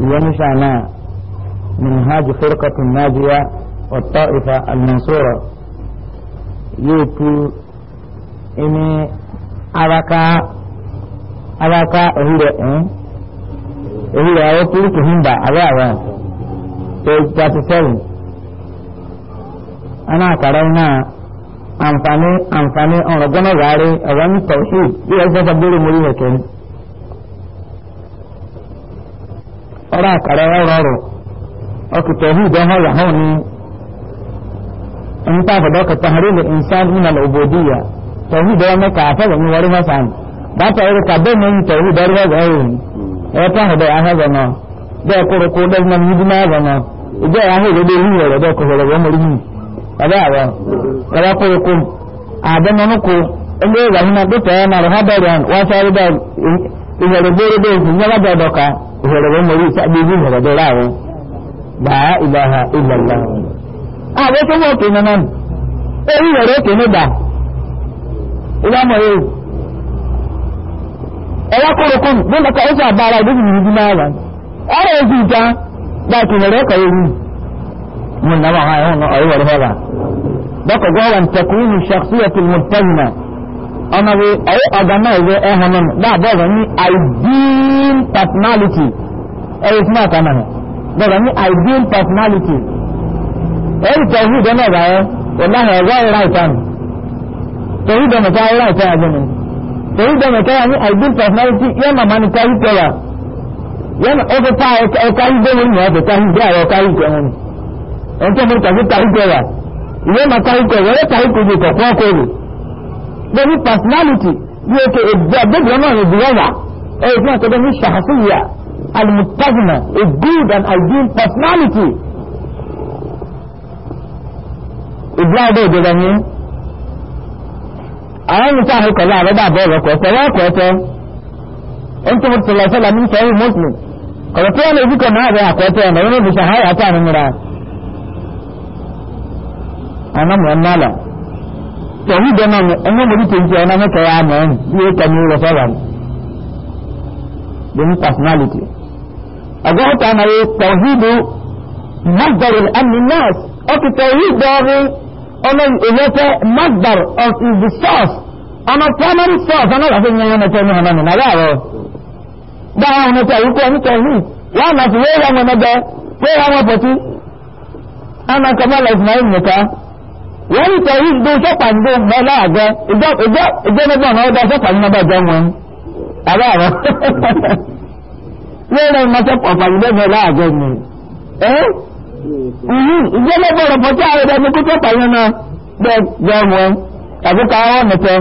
من منهاج فرقة الناجية والطائفة المنصورة يوتو إني أبكى أبكى أهيرا أهيرا أوكيك هندا أبكى page 37 أنا كرمنا أنفاني أنفاني أنا جنا غاري أغاني توحيد إيه أجل تبديل مريضة كنت ọ̀rọ̀ àkàrà ọ̀rọ̀ ọ̀rọ̀ ọkùtọ̀ hù bẹ́ẹ̀ hàn yàhùn ní ẹni tá a fọ̀dọ̀ kẹta hàrí lè nsán nínú ọ̀bọ̀dìyà tọ̀hù bẹ́ẹ̀ mẹ́ka àfẹ́lẹ̀ ní wọ́rí hẹ́sàn bàtà ẹ̀rọ kà bẹ́ẹ̀ mẹ́yìn tọ̀hù bẹ́ẹ̀ hẹ́sàn ẹ̀yìn ẹ̀ tá a fọ̀dọ̀ ahẹ́sàn náà bẹ́ẹ̀ kúrò kó bẹ́ẹ̀ mẹ́rin yìí náà hẹ́sàn náà ìjọ ahẹ́ ìrẹ́lẹ̀ yìí rẹ̀ bẹ́ẹ̀ kò hẹ̀rẹ̀ wọ́n mọ̀rí yìí ọ̀dọ́ àwọ̀ kọ́lá kúrò kó àbẹ́mọ́nú ẹ̀ ìrọ̀lẹ́wọ́ mọ̀rí ìsáàbíbí ìrọ̀lẹ́ láàrin láà ìlàhà ìlàlá àwọn tó wọ́n kìí náà orí ìrọ̀lẹ́ kìí nígbà ìlàmọ̀ yóò ẹwà kórókún bí maka ẹsẹ̀ àbára ìdíjì ọmọdé ọwọ́ organize ẹ̀hàn náà dáàbọ̀ ọ̀rọ̀ ní ideal personality ẹ̀rọ tí náà kàmà nà bọ̀rọ̀ ní ideal personality ẹ̀rọ tẹ̀sí ìdẹ́nà ọ̀rọ̀ ayẹ́ ọ̀là ẹ̀rọ ẹ̀rọ ìtàn torí dẹ̀mọ̀ ká ẹ̀rọ ìtàn àjẹmọ̀ torí dẹ̀mọ̀ ká yà ní ideal personality yẹn màmá ni káyí tẹ̀wà yẹn ọkọ̀ tá ọkáyí gbẹ̀wò ní ọkọ̀ káyí gbẹ̀ àwọn ọkáyí kẹwọn ẹ̀ńtọ́ mọ̀ káyí tẹ̀wà ìwé màkáyí kẹwọn ẹ̀rọ káyí kojú kọ̀ọ̀kọ́ kọ̀ọ̀rọ̀ pẹ̀lú personality bí o kò èdè àgbẹ̀dẹ̀ náà lè dúró wà ẹ̀yẹ fún àtọ́jọ́ ní ṣàhásíyà alimutazina a good and ideal personality. ìbúra ọdọ ìjọba yín àwọn nìkan àhìkọ̀ láàrọ̀ dàbọ̀ ọ̀rọ̀ kọ̀ọ̀tọ̀ wọ́n kọ̀ọ̀tọ̀ ẹni tó ti lọ sọ́la nínú sọ́yìn muslim ọ̀rọ̀ tó yẹn lè fi kọ̀ náà rẹ̀ àkọ́tọ̀ ọ̀nà wọn ò fi ṣàhárà àtàwọn mìíràn. àwọn ọmọ ẹ̀ ń nálà tọ̀hún ìdẹ́nà ni ẹni mo dìtò ìjọ ẹ̀nà mẹ́ta ya mọ̀ ẹ́n ní ẹ̀ka ní rẹ̀ sọ́wọ́ rẹ̀ lóní personality ọgọ́ta na yẹ tọ̀hídù magdar ẹni nurse ọkì tọ̀hídù ọrẹ ọmọ ìlẹ́tẹ̀ magdar of the source ọmọ primary source ọmọ ìlàfẹ́ ìyẹn ẹ̀nà tẹ̀hún ọ̀nà nínú alẹ́ àwọ̀ dáhà ọ̀nà tẹ̀hún kọ́ ẹni tẹ̀hún wọn àmà fi wéyà wọn ẹgbẹ́ wéyà wọn pọ̀tí ọmọ kọ́mọ́ wọ́n ní tẹ̀rí gbé sọ́pà ń gbé mọ́ láàgọ́ ìjọ́gbọ́n náà dá sọ́pà nínú ọjọ́ wọn aláàrọ̀ lẹ́rẹ̀ ma sọ́pà pàgbẹ́mọ́ láàgọ́ ni ẹ́ ìjọ́gbọ́n rọ̀pọ̀ tí a rẹ̀ ní kó sọ́pà nínú ọjọ́ wọn àbúkà wọn mẹ́tẹ́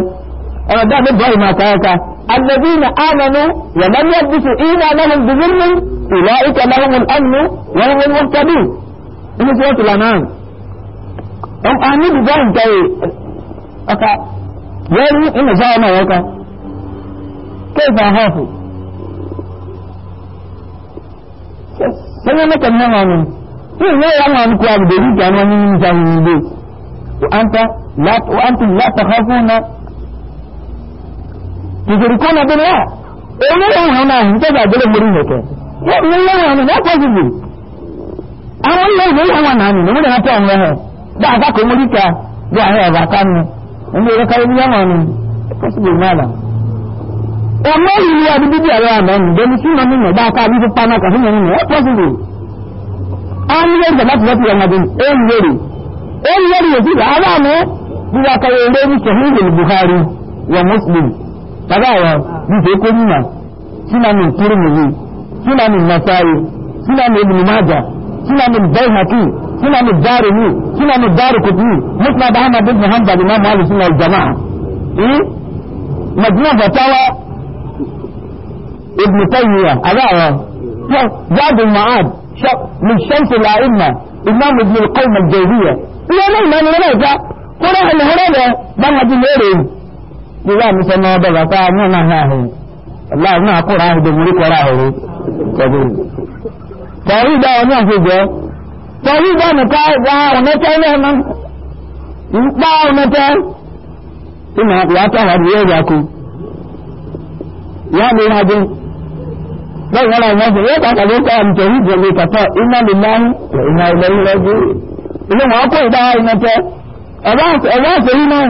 ọ̀rọ̀ dáadé bọ́ ìmọ̀ àkàyọ́ka الذين آمنوا ولم يلبسوا إيمانهم بظلم أولئك لهم الأمن وهم المهتدون. إن سورة الأنعام àmì ìdìbò ìgbà yìí ọkà wọ́n ní ìmọ̀sá ọmọ wọn kan kéèfà hàfù sẹ́yìn mẹ́ta ní ọmọ mi ní ìwé ìyàwó àwọn kó àgbègbè ní ìjà wọn ní ìjà yìí lé wọ́n ti látà hàfù náà ìgbèrè kọ́ ọmọdé náà èmi yóò hàn náà ní tẹ́jà àgbélé mórí nìkẹ́ yóò ní ìyàwó àwọn náà pọ̀ sí àwọn ilé ìwé ìyàwó àwọn náà nì da za ka mulika da ya ba kan ne in da kai ni yamma ne ko su bi mala amma yi ya bi biya ya nan da ni sunan ne da ka bi fa na ka hin ne ko su bi an yi da ba su da yamma din en yeri en yeri ya ji da ala ne biya ka yi da ni sahihul ah, eh, eh, bukhari wa muslim kaga ya ni sai ko ni na sunan tirmidhi sunan nasai sunan ibn majah sunan bayhaqi سنن الدارمي سنن الدار قطني مسند احمد بن حنبل امام اهل السنه والجماعه إيه؟ مجموع فتاوى ابن تيميه اذاعه زاد المعاد من شمس الائمه امام ابن القيم الجوزيه لا لا ما لا لا قرا الهرب ما حد يريد لا مسمى بابا فانا نحن الله ما قرا هذا مريك وراه تقول تقول ده انا في tọ́lú bọ́ọ̀nù ká wá ọ̀nẹ́tẹ́ na ń pa ọ̀nẹ́tẹ́ tí màá fi wáta wà bíi ẹ̀yà kú yáàbí ìrìnàjò bẹ́ẹ̀ yára ìmọ̀sùn yóò pàtàkì ló kọ́ àmì tẹ̀lú ìjọba ìtàtọ̀ iná lè máa ìrìnà ilẹ̀ ilẹ̀ jù wọn kó ìdá ìnẹtẹ ẹ̀rọ àṣẹyìn náà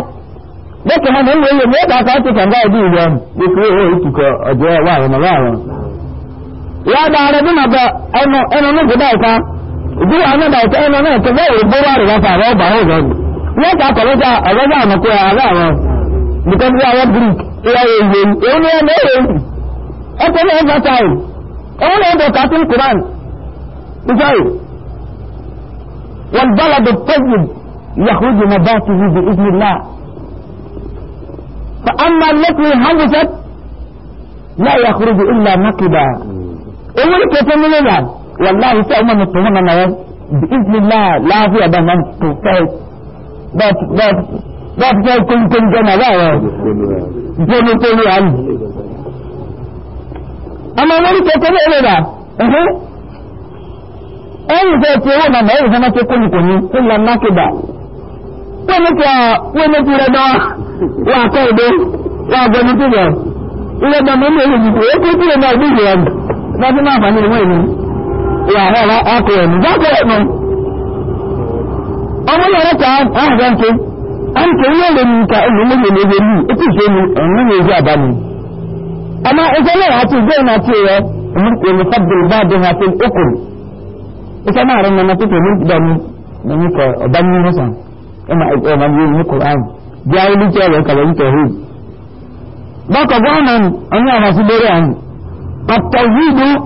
bẹ́ẹ̀ kọ́ mọ́ nílùú èyí yóò pàtàkì àti kàńgá ìdí ìjọ bí àwọn ọmọ ẹ̀tọ́ ẹ̀nà náà tẹ́lẹ̀ ìgbó wà rẹ̀ lọ́fà àwọn ọba ọ̀gá ọ̀gá wọ́n ta kọ̀lọ́jà ọ̀gá náà mọ̀ pé àwọn àwọn nìkan bí àwọn greek ìyá èyí èyí ni ẹ̀mọ́ èyí ẹ̀kọ́ náà ẹ̀fà táì ọwọ́ náà ẹ̀dọ̀ kàtún kuran ìfẹ́yì wọn bala the president yahudu na bá ti hìbì ìsìnlá fa amma lẹ́kùn hàmùsẹ́t náà yahudu ìlà mákìdá owó ní kẹfẹ́ mílíọ̀nù wallahi sai umma mutum nan na bi iznillah lafiya da nan to sai ba ba ba sai kun kun gana ba wa je mun ko ni an amma wani ko ko ne da eh ẹ̀yìn fẹ́ ti owó nàbà ẹ̀yìn fẹ́ máa ṣe kóni kòní tó lọ nákìdá wọ́n ti wọ́n ti rẹ̀ dán wọ́n akọ́ ìdó wọ́n agbẹni tó rẹ̀ ilẹ̀ dán mọ́ ní èyí ìdìbò ó kó kúrò náà gbé ìrẹ̀ náà tó máa fà ní ìwọ̀n ìlú. ìyàwó ọkọ̀ ẹ̀mù jákọ̀ ẹ̀mù ọmọ yọrọ ta ahụhụ nke nke ihe ole m ka ụmụ mmiri n'ebe mi otu ise mi ọmụ n'ezi abalị ama ụzọ na ha tụzọ ya ụmụ kwere fabdul baadị ha tụ ụkwụrụ ụsa na-arụ na natụtụ ụmụ dami na nyekọ ọbanye ihe sa ịma ahụ dị ahụ n'ike ike gọọmenti onye ahụ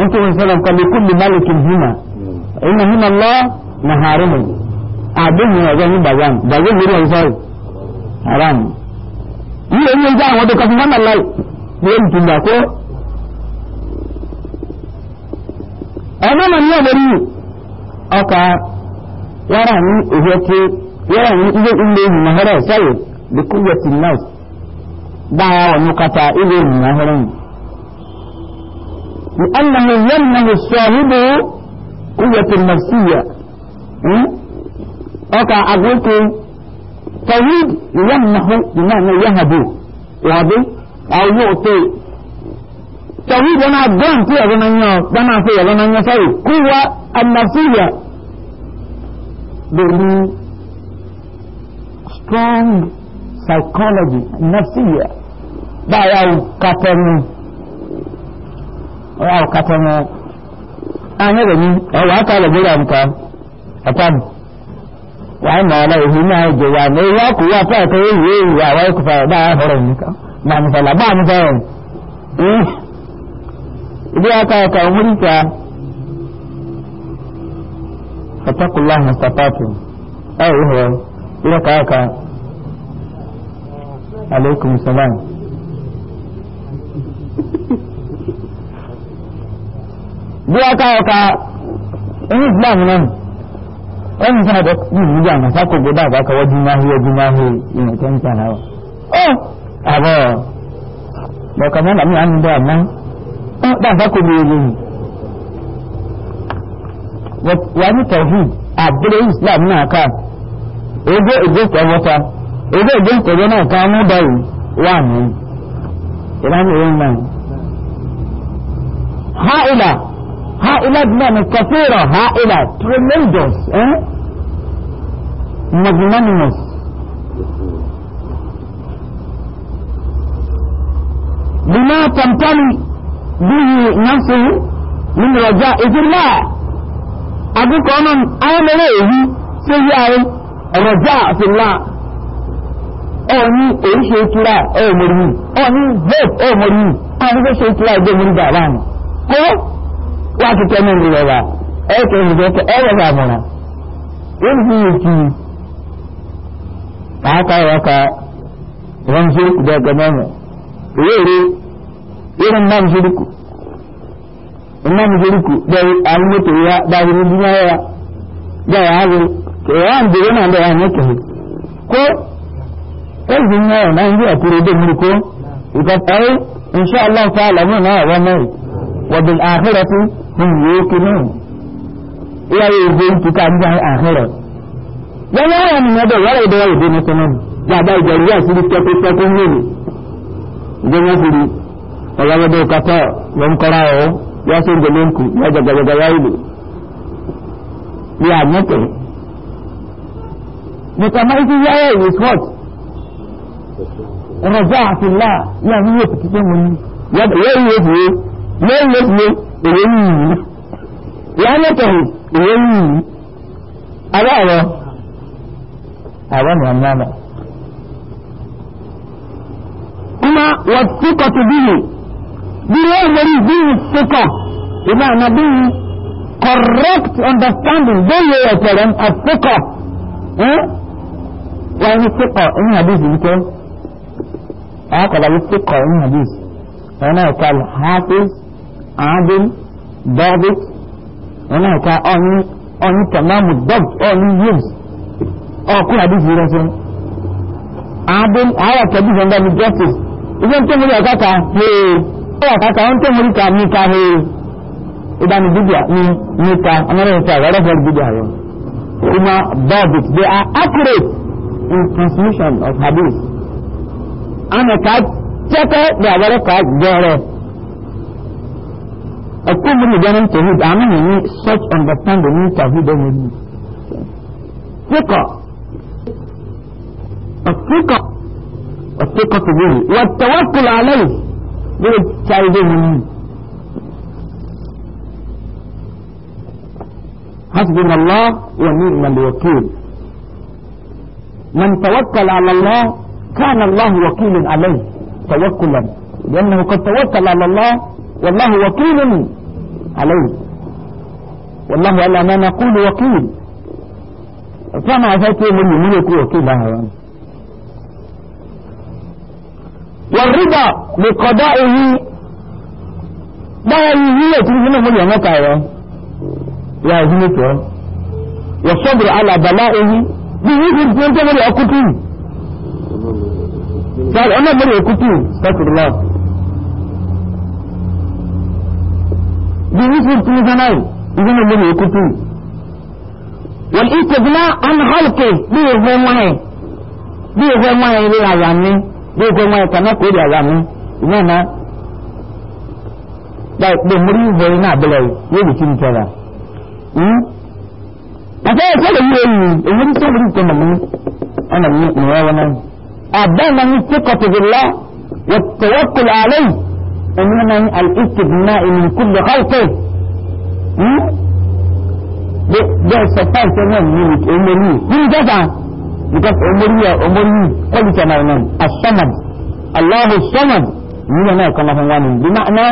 انت وسلم قال لكل ملك هنا ان هنا الله نهارهم اعدهم وجههم بزان بزان مريم صار حرام yíyẹ ní ẹjọ́ àwọn ọdọ́kọ̀ fún mọ́nà láì lórí ìtìlá kó ọ̀nà mà ní ọ̀bẹ̀rí ọkà yára ní ìwé tí yára ní ilé ilé ìrìnà ọ̀rẹ́ sẹ́yẹ̀ lè kúrò sí náà dáa ọ̀nà kata ilé ìrìnà ọ̀rẹ́ yìí لأنه يمنع الصاحب قوة النفسية أقع أقولكم طويل يمنح بمعنى يهبه يهبه أو يعطي طويل أنا أدام في أغنى بنا في أغنى يسوي قوة النفسية very strong psychology نفسية بقى يا ọ̀rọ̀ àwòkátọ́ wọn ahẹ́rẹ̀ ni ọwọ́ akálẹ̀ gbé ra nǹkan ọ̀páàmù wàá nà ọ́ láyé ìhìn náà jẹ wà ní ìwà kò wá pẹ́ ẹ̀kọ́ èyí èyí wà wáyé kò fara báà ọ̀rọ̀ nìkan mà ní fàlà báà ní fàlà ìdí aka ọkà òmùrìkà fatakula mustapatu ẹ̀ ìhọ̀ ìrẹ́ka ọkà aleikum salam. bí ọka ọka ẹni islam náà ẹni sọ àdọ bí ìlú àwọn sáko gbọdọ àgbà kọwọ dín náà hìyẹ dín náà hìyẹ ìyẹn tó ń tà náà ọ àbọ bọkà mọ nàmi àmì dọ àmọ ọ bá sáko bí ẹ lóyún wà ká ẹgbẹ ẹgbẹ kọwọta ẹgbẹ ẹgbẹ kọwọ náà ká mú báyìí wà mí ìlànà ìwé náà ha ìlà. Hailat men, kafira, hailat, tremendous, eh? Magnanimous. بما تمتلي به نفسه من رجاء الله أبوك أمام أنا ليه سيئة رجاء في الله أني إيش يتلا أو مريم أني بيت أو مريم أني بيش يتلا أو مريم láti tẹ́nu ìlú ẹ̀wà ẹ̀kọ́ ìdíjọ́ ẹ̀rọ ìgbàmọ̀ràn wọ́n fi yìí kì í pàápàá ìwọ́ka wọ́n ṣe ìdẹ́gbẹ́ mẹ́rin ìwé ìwé irin náà ṣe dùkù iná mi dùkù bẹ́ẹ̀ àwọn mọ́tò ya báyìí ní dúnyá ya bẹ́ẹ̀ wà á lè kẹ̀yà ń bèrè ń níbi èké náà ìyáwó ìgbé ìtìká ń gbá àhẹ́rẹ̀ wọ́n wọ́n wà nínú ọdọ̀ wọ́n ìdọ́wọ́ ìdí ní sọ́nà yàgbá ìjọ ìyá ìsírí pẹ́kúpẹ́kú ń lèlè ìjọ wọn fi rí ọ̀yọ́wọ́dọ̀ kọ́tọ́ wọn kọ́ra ọ̀ yọ́ sí ìjọ lóńkù yọ́ jẹgẹgẹgẹ yá ìlú bí àmọ́tẹ̀ nìkan máa ń fi yáyà ìwé sport rọ̀jọ́ àfìlà yà ń yẹ pẹ̀kúpẹ́ mọ́ ní yẹ́ ìwé fìwé lẹ́yìn lẹ́sìn ìwé yìí lánàtàn ìwé yìí aláàrọ àwọn ìwọ̀n náà kuma wàtíkọ̀ tó bíyì bíyì ẹgbẹ̀rí bíyì síkọ̀ ìmọ̀ àná bíyì correct understanding bóyẹ ẹ̀tẹ̀rẹ̀ àtíkọ̀ wọ́n ní síkọ̀ ní àdíjì wípé àwọn kọ̀lá wípé kọ̀ ní àdíjì wọn náà kọ́ alhafiz عادل ضابط هناك أني أني تمام الضبط أني يبس أو كل حديث يرسل عادل على كبير عند الجاستس إذا أنت مريء كاكا هي أو كاكا أنت مريء كاميكا هي إذا نبدأ من ميكا أنا لا أنسى ولا أفعل بدأ يوم إما ضابط they are accurate in transmission of hadith أنا كاك تكا بأبارك كاك جهره أكون من جانب التوحيد أعمل يعني such understanding من التوحيد مني ثقة الثقة الثقة به والتوكل عليه دول سعيدين مني حسبنا الله ونعم الوكيل من توكل على الله كان الله وكيلا عليه توكلا لأنه قد توكل على الله والله وكيل عليه والله قال أنا نقول وكيل فما ذاته من يملك وكيل هذا والرضا بقضائه لا يهيه تنزل من يمكا يا يا زميته والصبر على بلائه بيجي تنزل من الأكتين قال أنا من الأكتين استغفر الله bí wíṣọ tí mo sáná yìí ìgbọ́n mi lórí èkó tó. wọ́n ìtẹ̀gbọ́n àmì hàlùkè bí èkó wọn ẹ̀ bí èkó wọn ẹ̀ rí àyà mi bí èkó wọn ẹ̀ kàná kó rí àyà mi ìgbọ́n náà. báyìí pé mo rí ìwé náà bẹ̀rẹ̀ yóò rí kí n tẹ̀ra. àti ẹ̀kọ́ lè yí èyí èyí ní sọ́ọ̀rì tó mọ̀ mí ọ̀nà mi ìwé wọn náà. àbẹ́ mi ní kíkọ̀ tòkìlá wọ́n tẹ̀wọ́ kùlà àlẹ́ yìí. إنما الاستثناء من كل خلقه ده السفار كمان من أمري من جزع because أمري أمري كل تماما الصمد الله الصمد من ما كما فهمان بمعنى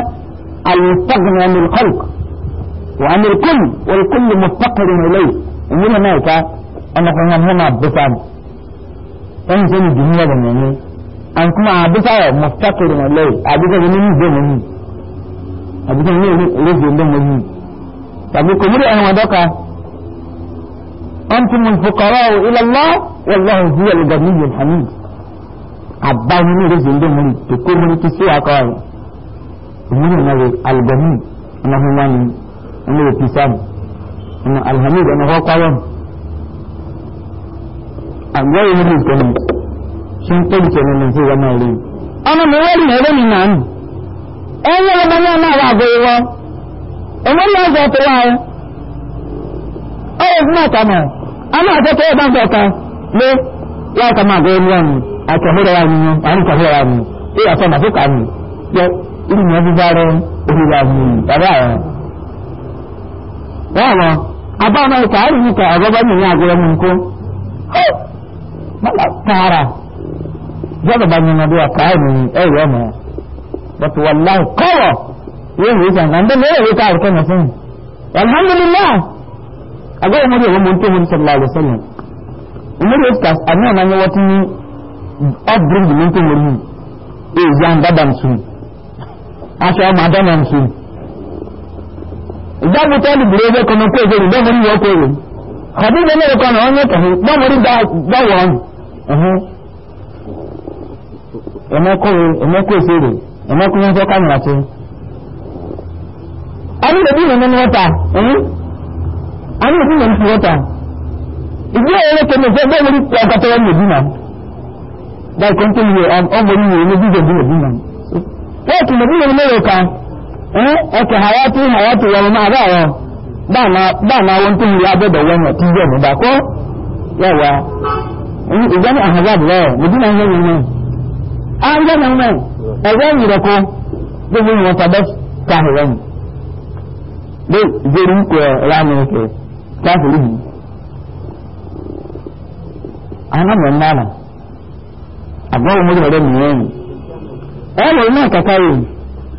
المستغنى عن الخلق وعن الكل والكل مفتقر إليه من ما كما فهمان هنا بسام انزل سنة جميلة يعني. an kuma abisa muftakirin wallahi abisa ne ni zai muhi abisa ne ni rage da muhi tabi ko muri an wadaka antum alfuqara ila allah wallahu huwa al-ghaniy al-hamid abba ni ni rage da muri to ko muri ki sai aka wai muri na ga al-ghani na huwa ni ni pisan na al-hamid na huwa qawan an yayi ni ko sun kunce ne mun zuwa mai rin ana mu wari ne wani nan an yi ba na na wa gowa amma na ga to wa ai kuma ta ma ana ta ta ban ta ta ne ya ta ma gowa ne a ta hura wa ne an ta hura wa ne eh a ta ma fuka ne ya irin ne bi bare ori wa ne ta ba wa wa abana ta ari ni ta agaba ni ya gowa mun ko Mala tara jọ́dọ̀ bá nínú ọdún ọ̀ká ẹ̀mí ẹ̀rọ ọmọ but wàláì kọ́rọ̀ yóò rí ìjà náà ndéle èrè ká àrùkọ́ náà fún alhamdulilá agbára ọmọdé ìwé mọ̀ tó mọ̀ sọ̀rọ̀ àlọ́ sọ̀rọ̀ ọmọdé ìfkas àmì ọ̀nà ni wọ́n ti ní ọ̀bùrùn ìlú tó mọ̀ yìí èyí à ń dábàá ń sùn aṣọ ọmọ adánà ń sùn ìjábù tẹ́lẹ̀ bìrẹ̀ ẹgbẹ́ kan kó èdè ìgbẹ́ mọ̀ ní ọkọ̀ èrè kàdúgbẹ́ mẹ́rin kan náà wọ́n yẹ emekwa esere emekwa ihe nchekwa nyerachi anyị na-ebi na mmemme wata anyị na-ebi na mmemme wata ẹ̀rọ lókè ní ọjọ́ ìgbẹ́ orí ọgọ́tọ́ wọn lòdì báyìí kò ń tó yẹ ọmọ orí yẹn lójú ìjọba lòdì náà wọ́n wọn máa bá wọn wọn tó yẹ abẹ́bẹ̀ wọn ọ̀tí jẹ́ ánjẹ́ náà mẹ́ ẹ̀rọ ìrọ̀kọ́ gbogbo ìwọ̀n tàbẹ́ káàrẹ̀ ní lè gbèrú ń kọ̀ ránà ẹ̀kẹ́ káàkiri yìí anamọ̀ náà àgbọ̀wọ̀ mọ́jọ̀ rẹ̀ mìíràn ẹ̀rọ náà kàkà yìí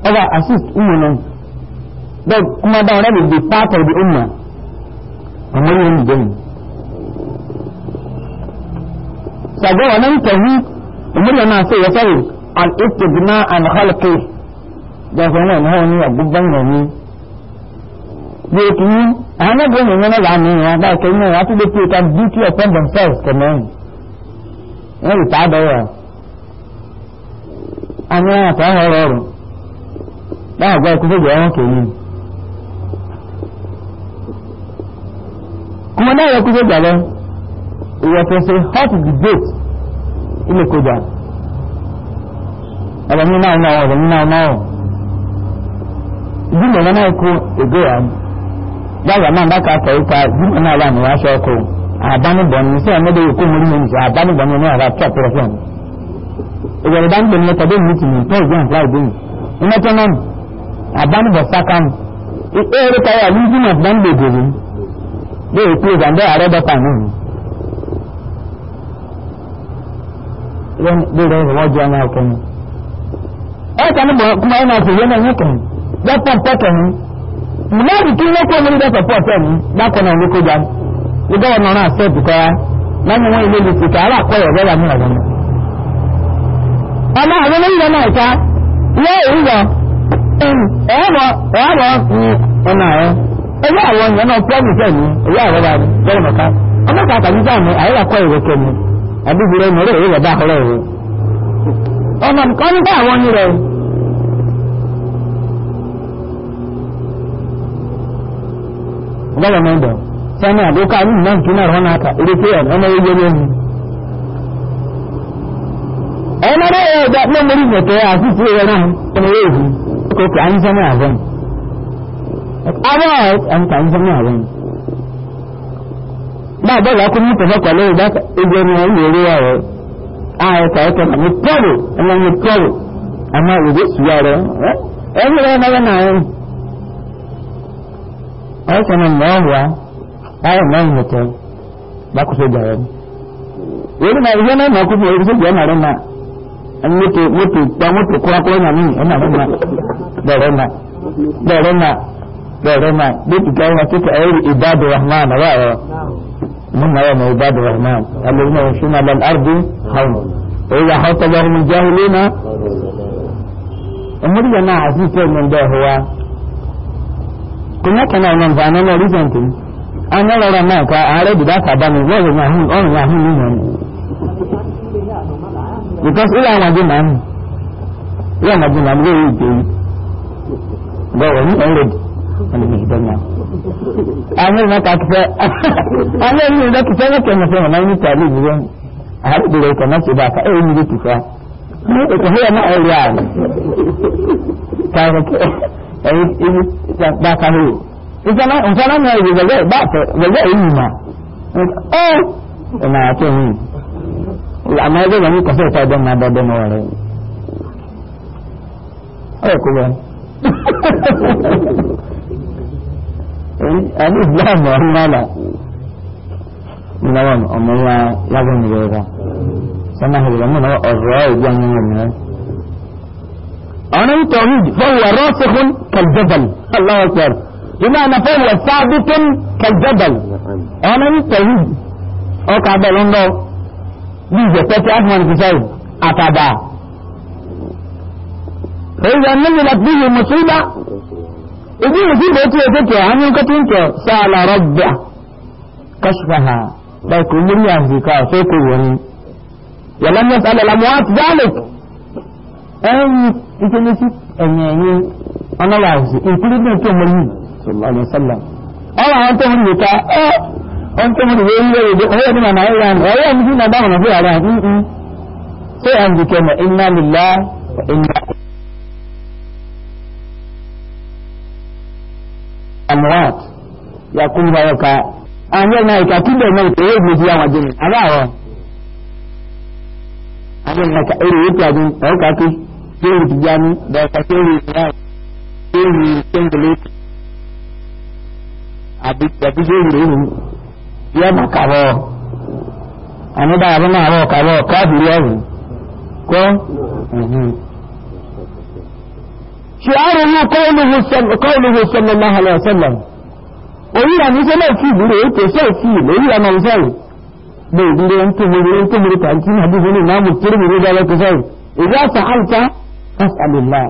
ọba assist umu náà bẹ́ẹ̀ kuma bá wọn rẹ̀ bí part of the umu ọmọ yìí ń dẹ́yìn sàgbọ́wọ̀ náà ń tẹ̀wé umurna na sai ya sai al-istibna an khalqi da kuma ne hawo ni agubban ne ni bi ki ana go ne na la ni ya ba ko ne ya tu de ki ta duty upon themselves ko ne ne ta da ya ana ta horo ba ga ku ga ya ke ni kuma na ya ku ga ga wato sai hot debate ilé kọjá ọ̀dọ̀mí náà náà ọ̀dọ̀mí náà náà ìdílé wọn náà kó ègbé yà mú yàrá náà dákà kọ̀ ipa ìdílé náà wà ní wáṣọ ọkọ̀ àbánibọ̀n ní sẹ́yìn mẹ́tẹ́ yìí kó mú nínú ìṣe àbánibọ̀n ní ara tó àpẹẹrẹ fún un ìwọ̀n ìdá ń pè ní ẹ̀tọ́ bẹ́ẹ̀ ní tìmí tó ìgbà ńlá ìdí mi ìmẹ́tọ́ náà àbánibọ̀ sáká mi ìpéèrè kọ́ wà ní ìdí náà dáńgbè dèrè bẹ́ẹ̀ kú ìgbà ń bẹ́ẹ̀ àrẹ́dọ́ta náà zai da yanzu wajen na hukumu ai ka ni kuma ina su yana hukumu da fafata ni munafiki ne ko mun da fafata ni da ko na ko jan wannan na sai duka na mun wani lele ta ala ko ya ga mun ya eh ba ba ana eh ya yana àdúgbò mẹ́rẹ̀ èyí wọ̀dá ọ̀rọ̀ ẹ̀rọ ọmọ nǹkan nígbà àwọn ní rẹ̀ ọgbọ́n mẹ́ndọ̀ sẹ́ni àdókà ní ìmọ̀ nǹkan náà rọ́nà àkà erékè ọmọ ẹgbẹ́ ní ẹni ẹni rẹ̀ ẹ̀dá pé mo rí mẹ̀tẹ́ àtúntì rẹ̀ náà ọmọ ẹ̀rọ òfin kò kò àyíṣẹ́ ní àbọ̀n àwọn ẹ̀ǹkà àyíṣẹ́ ní àbọ̀n bá bọ́ọ̀lù akúnmí pẹ̀fẹ́kọ̀ lórí bá ibi ẹni wọn lè rí ọ̀rọ̀ ààrẹ̀kà ẹ̀kọ́ àmì pọ́ọ̀lù ẹ̀mọ́ ní pọ́ọ̀lù àmọ́ ìwé ìyá rẹ̀ ẹ̀mí rẹ̀ náà náà rẹ̀ ọ̀sán ni mọ̀ ọ́hùwà ayọ̀ náà ń hẹ̀tẹ̀ bákúṣe jà rẹ̀ èyí náà ìyá náà máa kúkú èyí sójú ẹ̀nà rẹ̀ náà mọ́tò mọ́tò pa mọ́tò kúrakúrẹ́ náà ní ẹ̀nà rẹ̀ náà bẹ̀rẹ̀ náà bẹ̀rẹ̀ náà bẹ̀rẹ̀ náà bí منها يوم عباد الرحمن الذين يمشون على الارض هونا واذا خاطبهم الجاهلون umuri yana a cikin nan da huwa kuma kana nan ba nan recent an yi rara ma ka a rabu da ka ba mu zai ma hin on ya hin ne because ila ma ji nan ya ma ji nan zai yi da wani already wani mai dan nan àwọn ìmọ̀ kàtúfẹ́ àwọn ìmọ̀ ìdọ́kùfẹ́ lọ́kẹ̀ mọ̀ fẹ́ràn náà ní tàbí ìbúrẹ́ àádìgbèrè ìkọ̀ náà ṣe bàtà èyí ní ìdọ́kùfẹ́ ìkọ̀fẹ́ náà ẹ̀rí ààrẹ kàrọ̀kẹ́ ẹ̀rí ibi bàtà rẹ̀ ìfọ̀nà náà ẹ̀rí gẹ̀gẹ́ bàtà gẹ̀gẹ́ èyí mà ọ́ ìmọ̀ àti ẹ̀yìn àmọ́ ẹgbẹ́ wọn ní kọ̀fẹ́ ìta ọdọ́ máa dọ́dọ́ náà rẹ̀ ọ̀rẹ́ kó bẹ́ẹ̀ ألف لام ولا لا لام أما يا يا بني جيدا سماه لما هو الرأي بيعني منه أنا التوحيد فهو راسخ كالجبل الله أكبر بمعنى فهو ثابت كالجبل أنا التوحيد أو كابل الله ليجي تأتي أفهم في أتابع فإذا نزلت به مصيبة ibi mutum da yake take hannun katinka sa la rabba kashfaha da ku murya shi ka sai ku wani walam yasal al amwat zalik an ita ne shi anyayi ana la shi including da ke mari sallallahu alaihi wasallam ala an ta murya ka eh an ta murya yayi da hoya dina na yayi an hoya mutum na da na hoya ra sai an dike na inna lillahi wa inna amwat ya kumba yoka anya na ikatinde na itoe mji ya wajini alawo anya na ka ere yote ajin au kati kile kijani da kasiri ya kile kengele abi abi kile ni ya makabo anida abana abo kabo kabiri yawo ko mhm شعاره قوله صلى قوله صلى الله عليه وسلم orí àmì sẹ́lẹ̀ tí ìdúró ètò sẹ́ẹ̀sì lórí àmà ìsẹ́rì lè ìdúró ń tó múrí ń tó múrí tàbí àdúgbò ní ìmáàmù tó rí múrí dára tó sẹ́rì èyí àṣà àìta fásitàlélà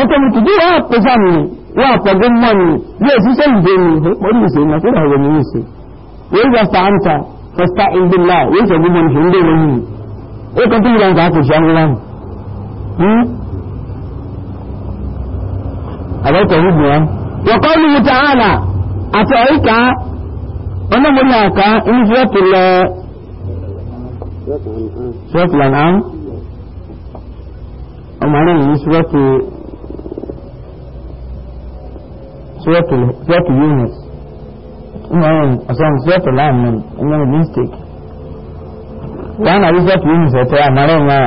ọkọ̀ mi tìjú wà pèsè àmì wà pẹ̀gún mọ́ ni bí èsì sẹ́yìn dé mi orí ìṣe ìmọ̀ sí ìràwọ̀ mi ìṣe èyí àṣà àìta fásità ìdílà yóò sọ gbogbo nìṣẹ́ ń dé lóyún ó kọ́ tó yẹ àbẹ́kọ̀ rúgbù wọn wọ̀kọ́ ní wùtà ààlà àti ọ̀ríkà ọlọ́mọdé àká ní fúrẹ́tù lọ fúrẹ́tù lọ náà ọmọ rẹ̀ ní fúrẹ́tù fúrẹ́tù yunus ọ̀sán fúrẹ́tù láàmì ẹ̀yẹ́ ní mistake wọ́n náà rí fúrẹ́tù yunus ẹ̀tẹ́ àmọ́rẹ́ wọn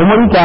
ọmọdé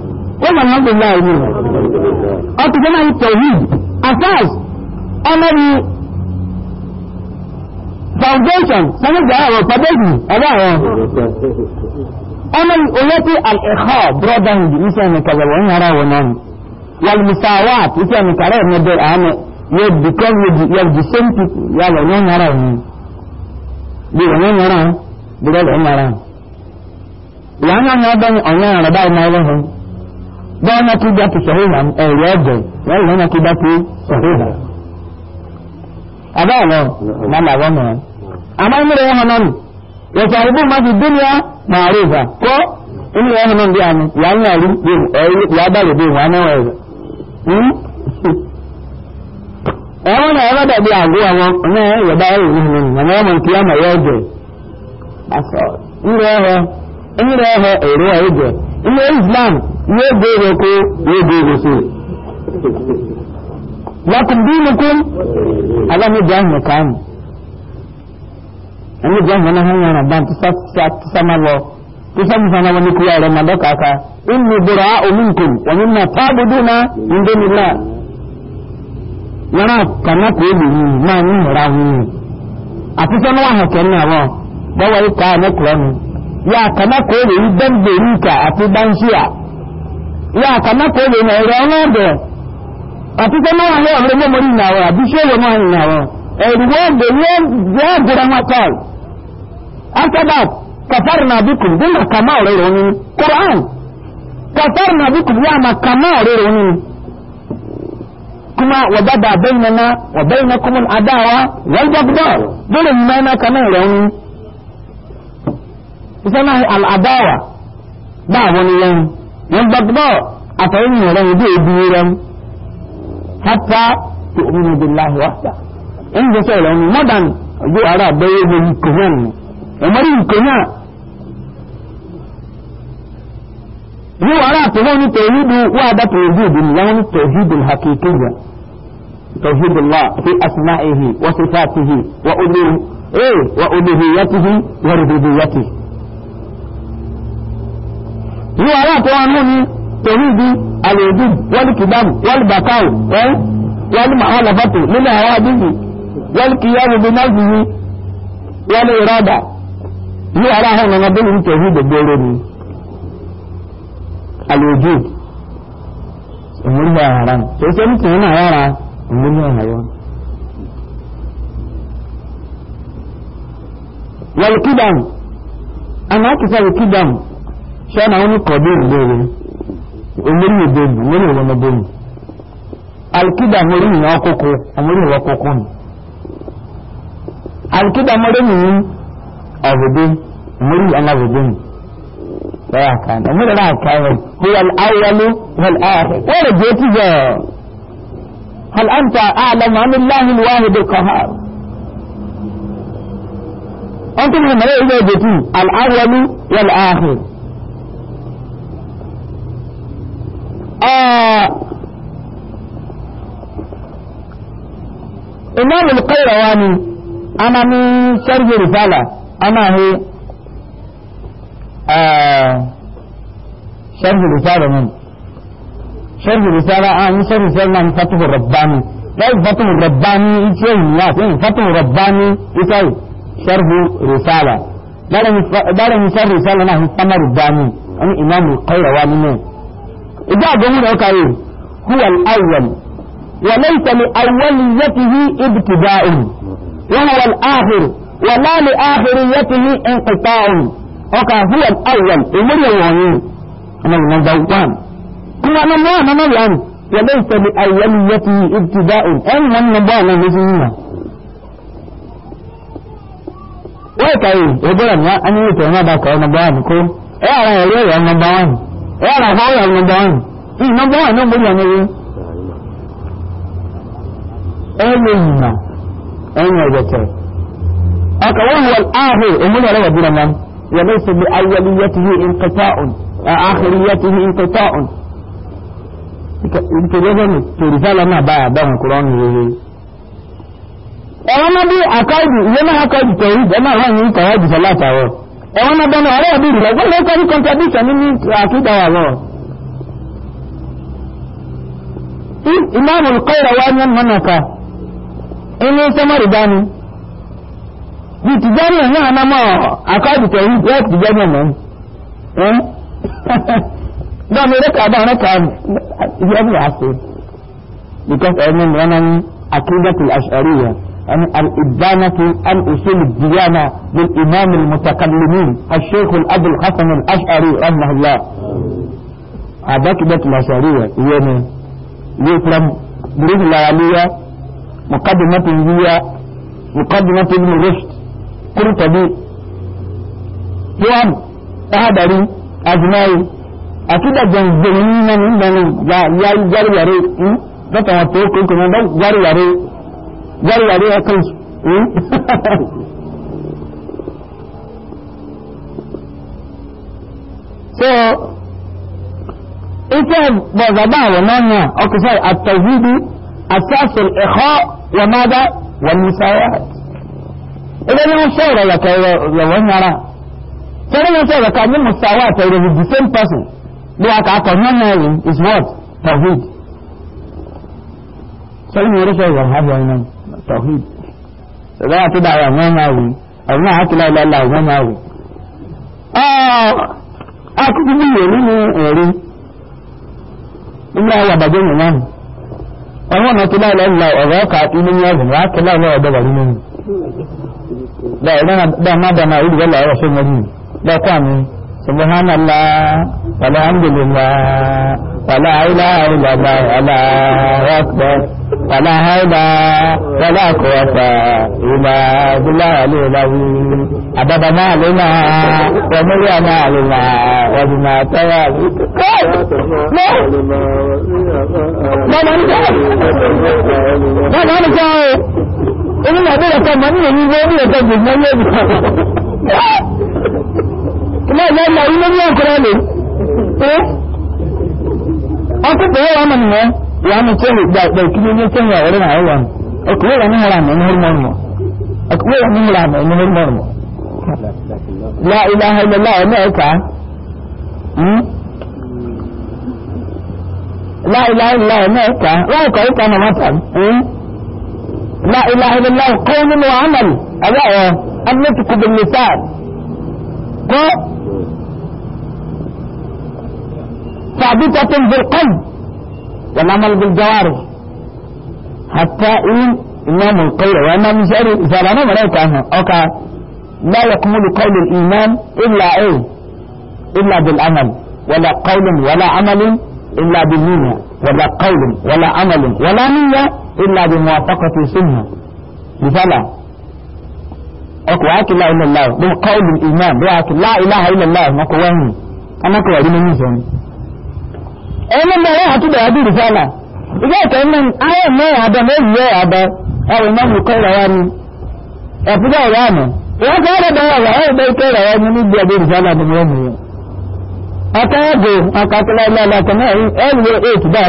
wọ́n máa ń gbé láì ní ọkùn tó máa ń tẹ̀lú asas ọlọ́run foundation sanúgbà àwọn pàdéjì ọba àwọn ọlọ́run olóòtú al-ẹ̀kọ́ brotherhood iṣẹ́ ẹni kàbẹ̀wọ̀ ń yàrá wọn náà wal-musawat iṣẹ́ ẹni kàrẹ́ ẹ̀mẹ́ bẹ́ẹ̀ àánú yóò become yóò di same people yàrá wọn yàrá bọ́ọ̀ náà kúgbà tó sọ̀hóhà ẹ̀rọ ọ̀gọ̀ wọ́n lọ́nà kúgbà tó sọ̀hóhà àbá ọ̀nà mọ́là wọ́n mọ̀ àmọ́ ìmúrẹ̀ wọn náà yẹ̀sọ̀ àrùbù máa fi dúnìá máa rí ìfà kọ́ ìmúrẹ̀ wọn náà bí àmì yàá ní àrí yàá dàrú bí wọn náà rẹ̀ hmm? ẹ̀wọ̀n náà ẹ̀rọ dàbí àgó àwọn ọ̀nà ìyọ̀dá ẹ̀rọ ìlú ilé islam yóò gbèrò kó yóò gbèrò sí lakùndínukún alámìdáhùn kàánù alámìdáhùn náà hàn yàrá bá ti sáma lọ tí sáma sáma wọn ní kúrò rẹ̀ mọ̀dọ́ kàkà inú bùrọ̀ á omínkùn wọn ní nà tábùdú náà ìdónilá yàrá kànáàkù èlò yìí máa ń rà wù àti sọ́nà wà hàn kẹ́ ní àwọn bọ́wọ́ ikọ̀ àwọn ẹ̀kọ́ nù ya kama kore yi dan berika àti banṣíà ya kama kore na ẹ̀rọ ọlọ́dọ̀ àti sọ́mọ́ wọn lọ́wọ́ ọ̀rọ̀ mọ́mọ́rí ìnáwó àbí ṣọ́wọ́ mọ́ ìnáwó ẹ̀rùwọ́ ọ̀dọ̀ yóò gbọ́ra wọn tọ́l after that kafar bikum bí kama ọ̀rẹ́ rẹ̀ ní quran kafar na bikum ya ma kama ọ̀rẹ́ rẹ̀ ní kuma wàdàdà bẹ́ẹ̀ nana wàbẹ́ẹ̀ na kọ́mọ́n adáwa wọ́n gbàgbọ́ bọ́ọ̀lù mẹ́ẹ̀ná kama ọ̀rẹ́ rẹ̀ ìsọ́nà àbáwà báwọn ni yẹn wọ́n gbọ́gbọ́ àtọ̀yìn rẹ̀ ìdí èdè rẹ̀ hátà tó omi bí láhì wáṣà ẹni jẹ́ sọ ìlànà mọ́dàn ọjọ́ ara àbẹ́yẹ ní ìkòyà nù ọmọdé ìkòyà ní wàrà àtọ̀wọ́ ní tẹ̀hídù wà bá tẹ̀hídù ní wọ́n ní tẹ̀hídù hakikiyya توحيد الله في أسمائه وصفاته وألوهيته وربوبيته ní ọ̀rọ̀ tó wọn mú ní torí ibi àlèébí wọ́lì kìdáàmù wọ́lì bàkáù wọ́lì mahalabatu nílẹ̀ àwọn àdìsí wọ́lì kìyàwó bí yìí wọ́lì ìrọ́dà ní ọ̀rọ̀ àwọn ọmọ bẹ́ẹ̀ ní torí gbogbo eré ni àlèébí ìmúlẹ̀ àrà èyí tó ní tìǹ náà yára ìmúlẹ̀ àrà wọ́lì kìdáàmù àmọ́ kìsà wọ́lì sọ́nà àwọn kọ̀dé ìgbèrè omori ìgbèrè lórí ìwọ̀n ọgbọ̀n alkida mori ìyàn ọkọ̀kọ̀ omori ìwọ̀n ọkọ̀kọ̀ ni alkida mori ìyàn ọ̀gbẹ̀dẹ̀ omori ìyàn ọgbẹ̀dẹ̀ ni lọ́yà kan omori ìyàn ọkọ̀kọ̀ ni wọ́n awọ́lú wọ́n awọ́lú wọ́n rẹ̀ jẹ́ tíjọ́ هل أنت أعلم عن الله الواحد القهار أنتم من ملائكة الأول والآخر imam al-qayrawani ana min sharhi risala ana he sharhi risala min sharhi risala an sharhi risala min fatuhu rabbani kai fatuhu rabbani ice yi ya sai fatuhu rabbani ita sharhi risala dare mi sharhi risala na hin samar dani an imam al-qayrawani ne ìjọ àgbóhùn náà kàrí huwa al'awwal wa laisa li awwaliyatihi ibtida'un wa huwa al'akhir wa la li akhiriyatihi inqita'un ọkà huwa al'awwal umuri wọ̀nyí na number 1 kuma na mọ́ na mọ́ yan wa laisa li awwaliyatihi ibtida'un en wannan ba na nufin yana wai kai ebola na an yi ta yana ba ka wani ba ko eh ara yare yana ba wani ọ̀rọ̀ àfọ́ ọ̀rọ̀ nọmba wọn ní nọmba wọn náà mórí ọmọ yẹn ẹlẹ́ ìmà ẹ̀yìn ọ̀gbẹ̀tẹ̀ ọkà wọ́n wọ áhù òmúlẹ̀ ọ̀rọ̀ wọ̀dúnà mọ́ yẹ ló sì bí ayẹliyẹtìhì nkẹtàùn àhìrìyẹtìhì nkẹtàùn ìtòlẹ́fẹ̀mù tòrìfẹ́lẹ́ náà báyà bẹ́ẹ̀ kúrọ́ nù yẹyẹ ẹ̀wọ́n ẹ̀wọ́n náà dáná ọ̀rẹ́ ẹ̀bí ìrìnlẹ̀ gbọ́n lẹ́kọ́ ní contradiction ní àkídà wà lọ. ìmáàmù kọ́ ìrọ̀wá ní ọmọ náà ká inú sẹ́mọ̀rì dání bí tìjọ́rì ní ànámọ́ àkọ́dùtẹ̀ yìí bẹ́ẹ̀ tìjọ́rì ọ̀nà dọ́ọ̀mù eré kàdá ọ̀rẹ́ kà ìjọ́rì àṣẹ because ẹ̀mí mìíràn ní àkídà tìlẹ̀ àṣẹ الإبانة عن أصول الديانة للإمام المتكلمين الشيخ الأبو الحسن الأشعري رحمه الله عباكبة الأشعرية يعني يكرم بروح العالية مقدمة هي مقدمة ابن رشد قرطبي يوم أهدري أجمعي أكيد جنزلين من من يا يا يا يا يا يا يا يا يا warware a kansu hmm? so ita ba zaba wa nanya a kusa a tawhidu a sasir ikha wa mada wa nisayat idan yana shaura ya kai da wani yara sai yana shaura ka yi musawa ta yi the same person da aka aka nanya is not tawhid sai yana shaura har yayi nan tawhid sọ̀rọ̀ àti dàrọ̀ àwọn ọmọ àwìn àwọn náà àti láìláìlá àwọn ọmọ àwìn. akúkú bí yòó nínú ẹ̀rí nígbà ayé àbàjẹ́ yìí náà àwọn ọ̀nà àti láìláìlá ọ̀rọ̀ ọkà àti inú ní ọ̀gbìn láti láìláìlá ọ̀dọ̀ wà nínú mi. bẹ́ẹ̀ náà dáná olùwẹ́lẹ̀ ọ̀rọ̀ ṣé wọ́n yìí bẹ́ẹ̀ kọ́ àmì subhanallah alhamdulillah wàlá ولا حول ولا قوة إلا بالله العلي عدد مالنا وملء مالنا وبما تواليت لا لا لا لا لا Èmi náà bẹ́rẹ̀ sọ màá ní èyí ló ní ẹ̀jẹ̀ gbogbo ní ẹ̀bì kan. Ilé ìlú ọmọ ilé ní ọkùnrin lè. Ọkùnrin pẹ̀lú ọmọ nìyẹn. yani ce da dauki ne ce ya wurin hawa o ko ya nan ran ne hormon mu o ko ya nan ran ne hormon mu la ilaha illallah ne ka hmm la ilaha illallah ne ka wa ka ka na mata hmm la ilaha illallah qawl wa amal aya annatuku bil lisan ko ثابتة بالقلب والعمل بالجوارح حتى إن إمام القول وإمام الشعر فلانا ملايك عنه أوكا لا يكمل قول الإيمان إلا إيه إلا بالعمل ولا قول ولا عمل إلا بالنية ولا قول ولا عمل ولا نية إلا بموافقة سنة مثلا أكو عاك لا إلا الله بقول الإيمان بقول لا إله إلا الله ما كواني أنا كواني من ẹni mẹ́rẹ́ àtúbọ̀ àdúrù fánà ilé ẹ̀kẹ́ ní ayé mẹ́rin àbẹ́ mẹ́rin yẹ́ àbẹ́ ẹwọ ìmọ̀mù kọ́ ìrọ̀wá ni ẹ̀fúgbà ìrọ̀ àmọ̀ wọ́n fẹ́ rẹ̀ bẹ̀rẹ̀ wà ó bẹ́ kọ́ ìrọ̀wá ni níbi àdúrù fánà ni wọ́n mú yẹn na ẹ̀gọ́ akakọ́lá ọlọ́ọ̀lọ́kọ̀ mẹ́rin ẹ̀rùwé èkì bá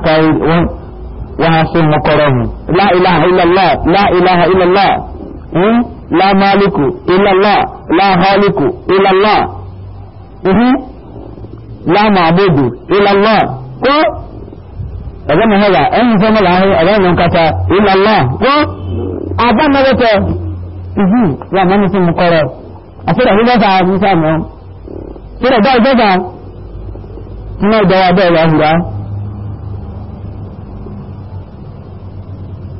wàrà níbi وعاصم مقرهم لا إله إلا الله لا إله إلا الله لا مالك إلا الله لا خالق إلا الله لا معبود إلا الله كو أظن هذا أن فهم العهي أظن كتا إلا الله كو أظن هذا يا من اسم مقرر أصير هذا فعلا مثلا سيرة دعي دعي ما يدعي دعي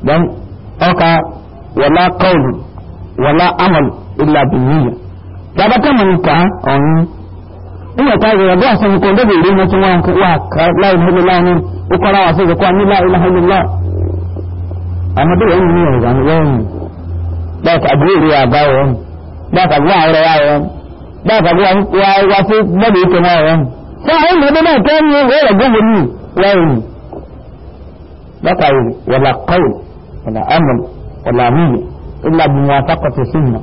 don ọka wala kawlu wala amal illa biniya baba ta mun ka on ina ta ga ga san ko da bai mu tun wan wa ka la ilaha illallah ne ko kara wa sai ko ni la ilaha illallah amma da yan ne ga ne yan da ka gori ya ba yan da ka gwa aure ya yan da ka gwa wa wa da bai ke ma yan sai an da na ta ne wa ga gumi wa yan da ka wala kawlu ولا أمل ولا نية إلا بموافقة سنة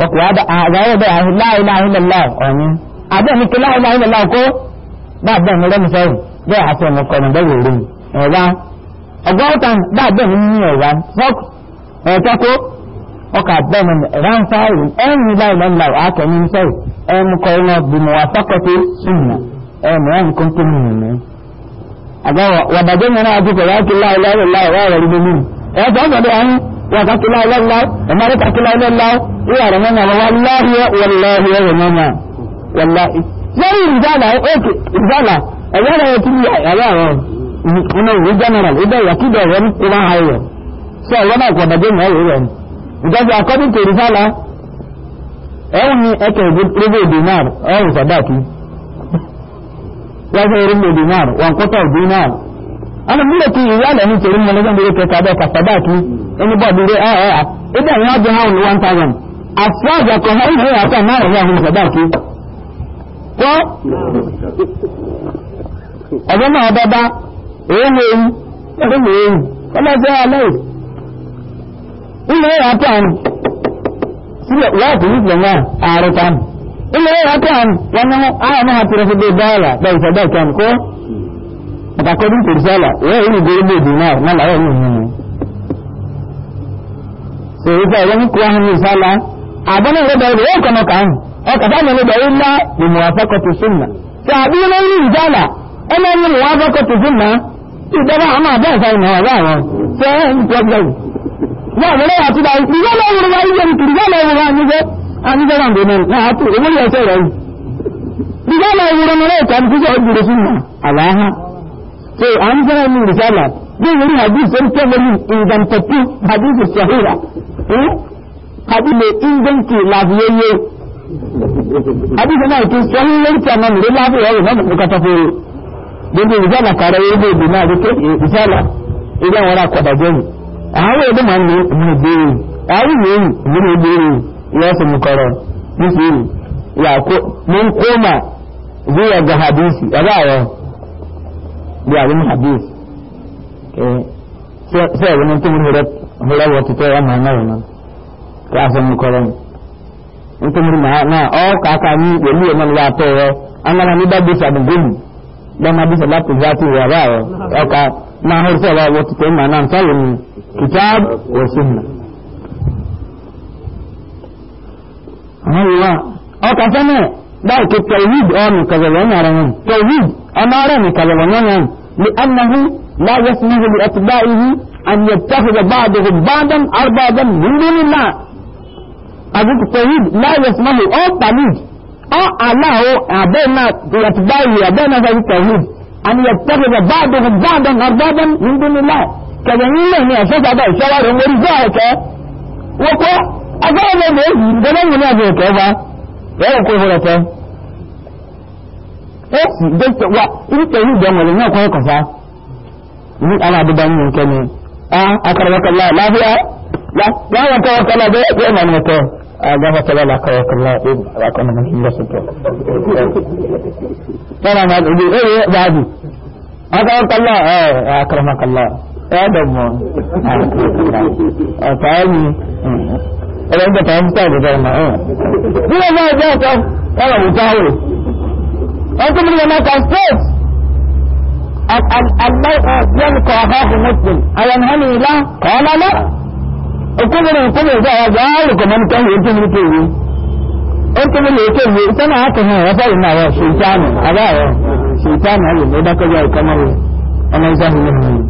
وكو هذا هذا لا إله إلا الله آمين هذا مثل لا إله إلا الله كو بعد ذلك لا مسوي لا حسن مقام دوري رين إذا أقولتان بعد ذلك من إذا فوق أتكو ọkà bẹ́ẹ̀ ni ránfààrù ẹ̀yìn láìláìlá àkẹ́yìn sẹ́yìn ẹ̀mú kọ́ iná bí mo wà fọ́kọ̀tì sùnmù ẹ̀mú ẹ̀yìn kọ́ńtò mìíràn àgbáwọ̀ wàbàjẹ́ mẹ́rin àjùkọ̀ láti láìláìláì ráàrẹ̀ rí mímú ẹ̀ẹ́dọ́ ọ̀gbọ̀dọ̀ ọ̀hún wàkàtí láìláìláì ẹ̀mọ́rẹ́ kàtí láìláìláì ìyàrá mẹ́rin àwọn aláhìẹ́ wọ̀láhìẹ́ wọ̀nàmà wọ̀láhì lẹ́yìn ìjàlá ókè ìjàlá ẹ̀yẹ́rẹ́ ẹ̀ tún yà ẹ̀rọ ọ̀rọ̀ ọ̀nà wáṣẹ́rin lè dinar wọn kọ́tọ̀ dinar ọmọ mílẹ̀ kí ìyá lẹ̀ ní torí mọ́ lọ́gbọ́n lórí kẹta bẹ́ẹ̀ kàtàbà kí ẹni bọ́ bí rẹ̀ ẹ̀ẹ́ ibẹ̀ ni wọ́n jẹ́ hàn ní one thousand as far as ọkọ̀ hàn ní ìyàtọ̀ náà rẹ̀ àwọn ìṣẹ̀dá kí. kọ́ ọ̀dọ́ náà bàbá èyí ni èyí ọdún mi èyí ọlọ́jọ́ alẹ́ ilé ìyàtọ̀ sílẹ̀ wọ́ọ̀tì nígbà ilé ọkàn wọn àwọn náà ti rẹ̀fẹ́ dáàlà dáìsẹ̀ dáìkan kó àtàkọ́dún kò sọ́là wọ́n èyí ìgbé ilé ìdì náà náà láwọ́ ní ìhìn so ìfẹ́ ìwọ́n ní kúrò ahùn ìsọ́lá àbọ́nà ìrẹ́bẹ̀ ìrẹ́ ọkàn ọkàn ọkàn sáà mẹ́lẹ́ bẹ̀rẹ̀ ńlá ìmọ̀ afẹ́kọ̀tù súnmà tí àbí ilé ní ìjọ́là ẹni ní ìmọ̀ afẹ́kọ̀tù súnmà ìjọba àmọ́ àbẹ́ẹ̀sá ìmọ̀ ọ̀rọ̀ àwọn sẹ́yìn problem wọ́n àbúrẹ́ àti anijara ndo nan na hatu umuri ya sai rai risala wurin rai kan kusa a gure sunna alaha to an jira min risala zai wuri hadisi sai ta wuri ingantattu hadisi sahira eh hadisi mai inganci lafiyayye hadisi na ke sahihar ta nan da lafiya ya nan muka tafi don da risala kare ya bai bi na da ke risala idan wara kwadaje a hawa da man ne mu bi ayi ne mu ne ya su mukarar musu ya ko mun koma zuwa ga hadisi a ba wa ya zama hadisi sai ya zama tun hurar wata ta yamma na wannan ya san mukarar ntumuri ma na ọ kaka ni wòlíì ọmọ ni wà tọ ọ angana ni dàgbé sàdùgbòlù bẹẹma bí sàdàpọ̀ zàtì wà báyọ̀ ọkà náà hóró sọ̀rọ̀ wọ́n ti tẹ̀ ẹ́ mà náà nsọ́lù ni kìtàbù wọ́n sì nà. Oh, oh, oh, Allah ọkà sẹ́nà báyìí kò tẹ̀wíd ọ̀nà kàzọ̀lọ́ nyàrá wọn tẹ̀wíd ọmọ ọ̀rẹ́ mi kàzọ̀lọ́ nyàrá wọn lè anahu láyé sinihu lè ẹtì báyìí an yẹ tẹ́fẹ̀dẹ̀ báàdùn báàdùn arbàdùn nínú náà àgùkù tẹ̀wíd láyé sinihu ọ̀ pàlíd ọ̀ aláwo abẹ́ náà ẹtì báyìí abẹ́ náà sẹ́yìn tẹ̀wíd an yẹ tẹ́fẹ̀dẹ̀ báàdùn báàdùn arbàdùn nínú agbára ọmọ ọmọ èyí gbọ́nàmù ní àbẹ̀ ẹ̀kọ́ ọba ẹ̀rùn kó ìwọ̀rọ̀ tẹ́ ó sì dẹ́kẹ̀ wà nípa ìlú ìdánwòrán náà kọ́ ẹ̀kọ̀fà ní àwọn àdúgbà nínú nǹkan ni a akọ̀rọ̀kọ̀lá lábíyá láwọn kọ́ ọkọ̀ lábẹ́ ẹgbẹ́ ìmọ̀ ní ọkọ̀ agbáfẹ́fẹ́lá lákọ̀ọ́kọ̀lá akọ̀rọ̀kọ̀lá ẹ̀ẹ́dọ̀mọ̀ ọ̀tá ẹ̀yìn ọlọ́run jẹ́ tàbí tàbí tàbí náà bí wọ́n máa jẹ́ ọ̀tọ́ ọ̀rọ̀ ìjáwò ọdún mílíọ̀n náà kan straight aláìsàn kọ̀ ọ̀háfù muslim àwọn ọmọ ìlà kọ̀ ọlọ́lọ́ okúnmọ̀rẹ̀ ìkúnmọ̀ ìjọ àwọn ọjọ́ àrùkọ̀ mọ́ nípa ìwé tún nípa ìwé ó tún nílò ètò ìwé sọ́nà àkùnrin àwọn fẹ́ ìrìn àwọn ṣèìtánì àbáwọ̀ ṣèìtánì àyè ló dákọ́jọ́ ìkọ́mọ́rẹ̀ ọmọ ìsáhùn lẹ́nu.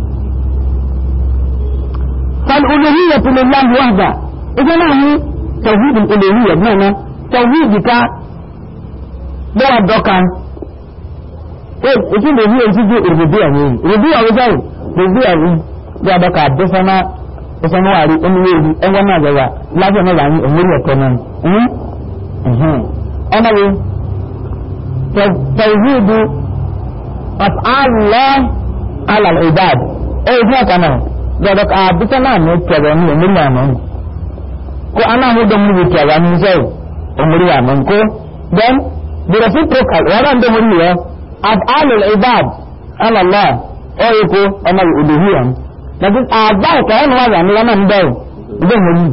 فالألوهية لله وحده ìgbẹ́ náà ní tẹ̀síìdì olórí ẹ̀gbọ́n náà tẹ̀síìdì ká bẹ́ẹ̀ dọ́ka ètí lè ní èyí jẹ́ òrùbí àwọn èyí òrùbí àwọn jáwò òrùbí àwọn bí adọ́ka àdọ́sánà ìsanwó-àrí oníwèébi ẹgbẹ́ náà lọ́wọ́ lábẹ́ náà wà ní òmórí ẹ̀kọ́ náà hmm? hmm. ọmọ wo tẹ̀síìdì of allah alal ibad èyí fún ọ̀kan náà bí adọ́ka àdọ́sánà ní tẹ̀rẹ̀ ní òmórí àwọn èyí ko ana mu da mu ta ga mun sai umri ya man ko dan bi reciprocal wa ran da muri ya af'al al ibad ala allah o ko amal uluhiyya na duk aba ka yana wa zan lanan da da muri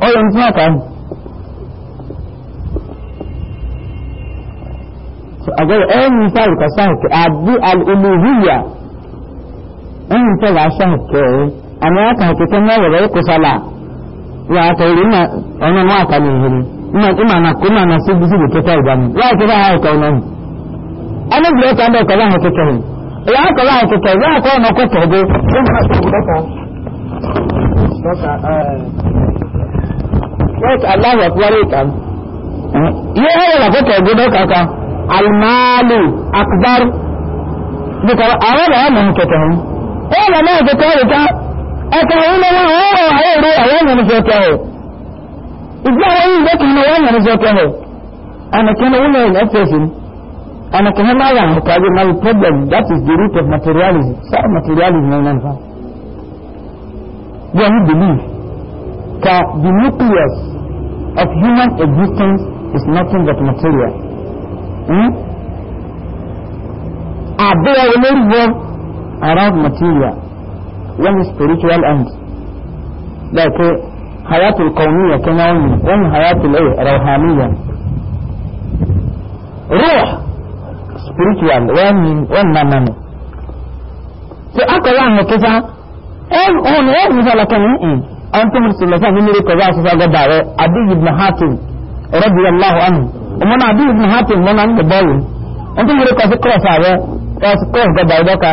o yan tsaka ka so agar eh misal ka sa ki abdi al uluhiyya in ta ga sa ke amma ka hakikan wa da ku sala wàtẹ̀rẹ̀ ọ̀nà wọn àtàlẹ̀ ìhìrì ìmà na na sí bísí ìkẹta ìgbàmù láìpẹ́ bá àìkọ̀ ọ̀nà ni ọmọ ìgbìlẹ̀ ọ̀tà ń bẹ̀ kọ̀ láàrín kẹkẹ̀ rẹ̀ ìyá ọkọ̀ láàrín kẹkẹ̀ rẹ̀ ọkọ̀ ọ̀nà ọkọ̀ tẹ̀gbẹ́ yẹ́ ẹ̀rọ ìlàkọ̀tẹ̀ ìgbọ́dọ̀ kàkà alimalu akbar bùkọ̀ àwọn ọ̀rọ̀ ọ̀nà ìkẹtẹ̀ rẹ̀ ó lọ náà kẹkẹ̀ rẹ̀ ẹ̀kọ́ ìlú wọn ó wọ àwọn èrò àwọn ènìyàn tó ọ̀ ìgbà àwọn yìí lẹ́kọ̀ọ́ ní àwọn ènìyàn tó ọ̀ ànàkẹ́ni wọn yẹn lẹ́kọ̀ọ́ fèsì ni ànàkẹ́ni máa yà àǹkà yìí máa problem that is the root of materialism sáà materialism náà nàá fà wọ́n believe that the nucleus of human existence is nothing but material. Hmm? Àbẹ̀wò lórí wọn around material wani spiritual end da ke uh, hayatul kauniya ta nauni wani hayatul ai eh, rauhaniya ruh spiritual wani wannan nan to aka eh, yi an mutu eh, fa ɗan ohun ya yi misala kan yi an fi mutu sulafa ne ne ka za su sa gabawa adi ibn hatim radiyallahu anhu kuma na adi ibn hatim wannan da bayin an fi mutu ka su cross a ba su cross gabawa da ka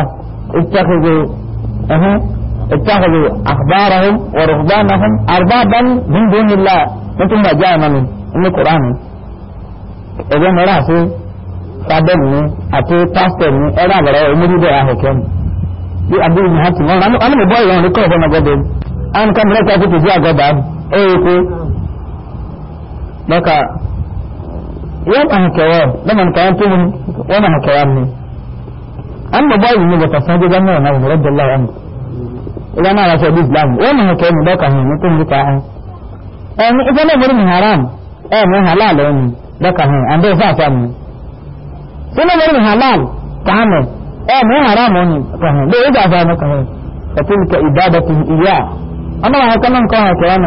ita ka zo اتخذوا أخبارهم ورهبانهم أربابا من دون الله مثل ما جاء من القرآن إذا ما رأسي فابني أتي باستني أنا برا أمري بها هكذا bí abúlé ní hàtì wọn ránú ọmọ ìbọn ìrọ̀rùn ní kọ̀ọ̀bọ̀n ọgọ́dẹ àwọn kan mìíràn tàbí tòjú àgọ́dà ẹ̀yẹ pé lọ́kà wọ́n máa kẹwọ́ lọ́mọ nìkan tó mú wọ́n máa kẹwọ́ mi. àwọn ìbọn ìrìn ní bọ̀tà sáájú gbọ́n náà náà wọ́n rẹ̀ dọ́là wọn ìwọ́n náà wáṣọ bí islam wọ́n mọ̀ kẹ́ mi dọ́kà hàn nípa nípa ẹ̀ ẹ̀mí ìfẹ́lẹ̀ mọ́rí mi haram ẹ̀mí halal ẹ̀mí dọ́kà hàn àndé ìfàfà mi ìfẹ́lẹ̀ mọ́rí mi halal kàánù ẹ̀mí haram ọ̀nì kàhàn lè ìgbà fà mọ́ kàhàn ẹ̀tẹ́lùkẹ́ ìdádọ́tì ìyá ọmọ àwọn ọkọ náà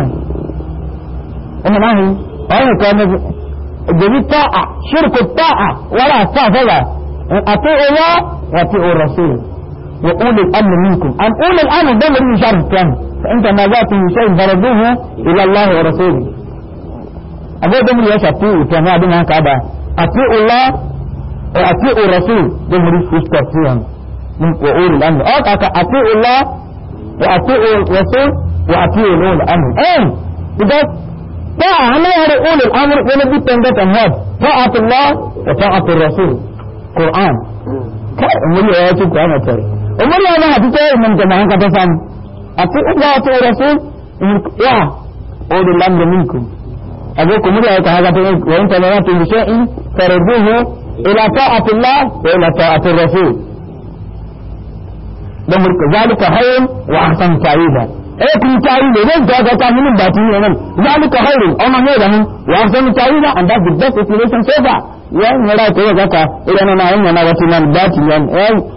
ń kọ́ hàn وأولي الأمر منكم أن أولي الأمر ده من شرط كان فإن تنازعتم من شيء فردوه إلى الله ورسوله أبو دم يشاء فيه كان هذا ما كذا أطيع الله وأطيع الرسول ده مريض يستطيعهم من وأولي الأمر أو أطيع الله وأطيع الرسول وأطيع أولي الأمر أين إذا طاعة لا يرى أولي الأمر ولا بد أن تنهض طاعة الله وطاعة الرسول قرآن كيف أمري آياتي قرآن umar ya na tuke mun da hanka ta samu ati uba ta rasul ya odu lam da minku abu kuma ya ka haka ta wa in tana ta bi shay'in farduhu ila ta'ati Allah wa ila ta'ati rasul dan murka zalika hayrun wa ahsan ta'ida eh kun ta'ida zan ta ga ta mun ba tuni nan zalika hayrun amma ne da mun wa ahsan ta'ida and that's the best explanation so far yan mara ko ga ka idan na yan na wata nan ba tuni yan eh,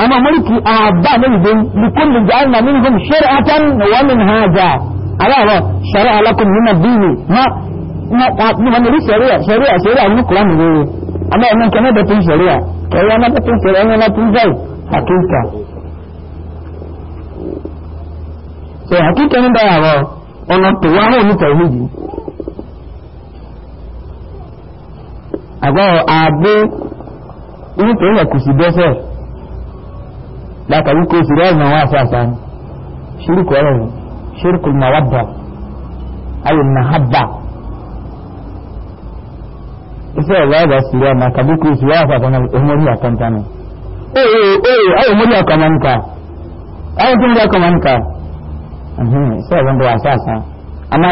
أنا ملك أعباء منهم لكل جعلنا منهم شرعة ومنهاجا على شرع لكم من الدين ما ما ما نريد شريعة شريعة شريعة من القرآن نقول أما أنا كنا بتين شريعة كي أنا بتين شريعة أنا بتين زي حقيقة so حقيقة من ده يا أنا تواه متوهيد أقول أبو إنتوا يا كوسي baka yi kofiri ya zama wasa sani shirku ya zama shirkul mawadda ayin na habba isa ya zaba su ya maka bi kofiri ya wasa sani umuri a kan tanu eh eh ayi umuri a kaman ka ayi tun da ka isa ya zama wasa sani amma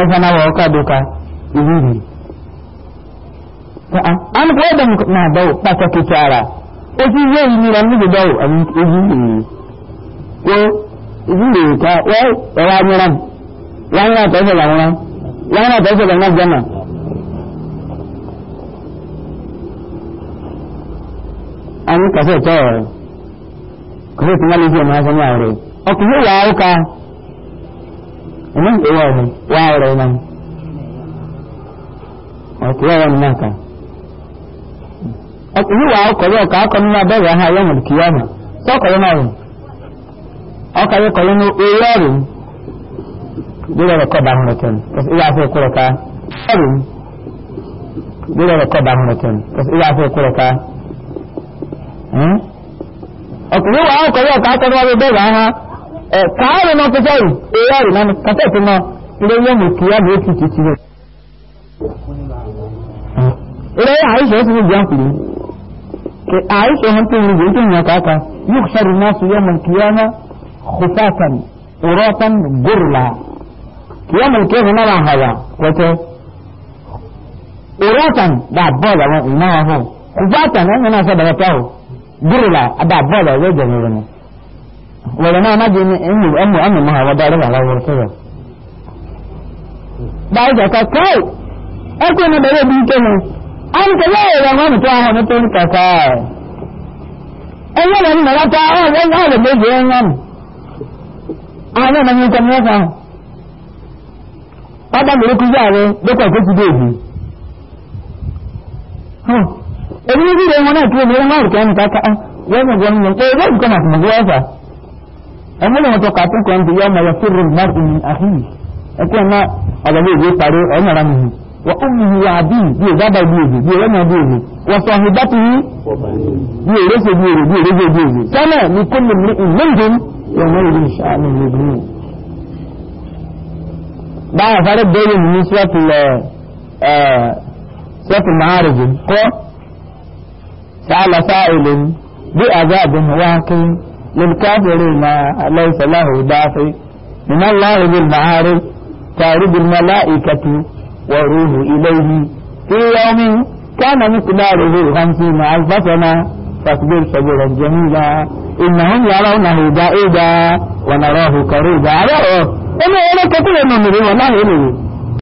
ojú ilé ìnira níbi báwò àmì ojú ilé ojú ilé ìka wọ́n ẹ̀rọ amúra wọ́n náà tẹ́sẹ̀ làmúra wọ́n náà tẹ́sẹ̀ làmúra jẹ́nà. àmì kàṣẹ tọ́ ọ̀rẹ́ kàṣẹ tí wọ́n lè fi ọ̀nà aṣọ ní àwòrẹ́ ọkùnrin wà ó ka ọmọ ìwà ọ̀rẹ́ wà ọ̀rẹ́ náà ọkùnrin wà ní náà kan wíwà ọkọ̀rọ̀ ọ̀kà akọni náà bẹ̀rẹ̀ ha yẹn mọ̀lùkì yá mi sọ́kọ̀rọ̀ náà rùn ọkà yẹ kọ̀rọ̀ ní orí ọ̀rùn lórí ọ̀rọ̀ kọ̀ bàhùn rẹ̀ tẹ̀lé ìwà afẹ́ ìkúrọ̀ ká ọ̀rùn lórí ọ̀rọ̀ kọ̀ bàhùn rẹ̀ tẹ̀lé ìwà afẹ́ ìkúrọ̀ ká. wíwà ọkọ̀rọ̀ ọ̀kà akọni náà bẹ̀rẹ̀ ha káàrọ̀ náà fi sẹ́rù orí ọ̀rùn náà kàtẹ́ẹ̀tì náà ilé yẹn mọ̀lùkì yá mi ó ti ti ti rẹ̀. ilé yẹn àìsàn ó sì ń jẹun kùlù to aisha hantu ne yake ya kaka yukhsharu nasu yawmal qiyama khufatan uratan gurla yawmal qiyama na hawa wato uratan da bola wa ina ho khufatan ne na sada tawo gurla da bola wa jami'u ne wala na na jini in amma amma ma hawa da rawa wa sai ba ya ka kai ai ko na da rabi kenan an ta zai yi zama mutum a hannun tun kasa an yana nuna wata an zai zai da bai jiyan yan an yana yin kan nesa a ɗan gari ku zare dukkan kuku dogi ebi ne zai da wani tuwo mai yana rike yana kaka an yana gani ne ɗaya zai kuma kuma zuwa sa an yana wata kafin kwanci yana ya sirrin mar'in ahi akwai na abalai zai faru a yana ramin وأمه وأبيه دي بابا بيه دي أنا بيه وصاحبته دي رسل بيه دي رجل بيه سنة لكل امرئ منهم يومئذ شأن يبنيه بقى فرق بين من سورة سورة المعارج قو سأل سائل بأذاب واقع للكافرين ليس له دافع من الله بالمعارج تعرض الملائكة وروه إليه في يوم كان مقداره خمسين ألف سنة فاصبر صبرا جميلا إنهم يرونه بعيدا ونراه قريبا أراه أنا أنا كثير من والله إليه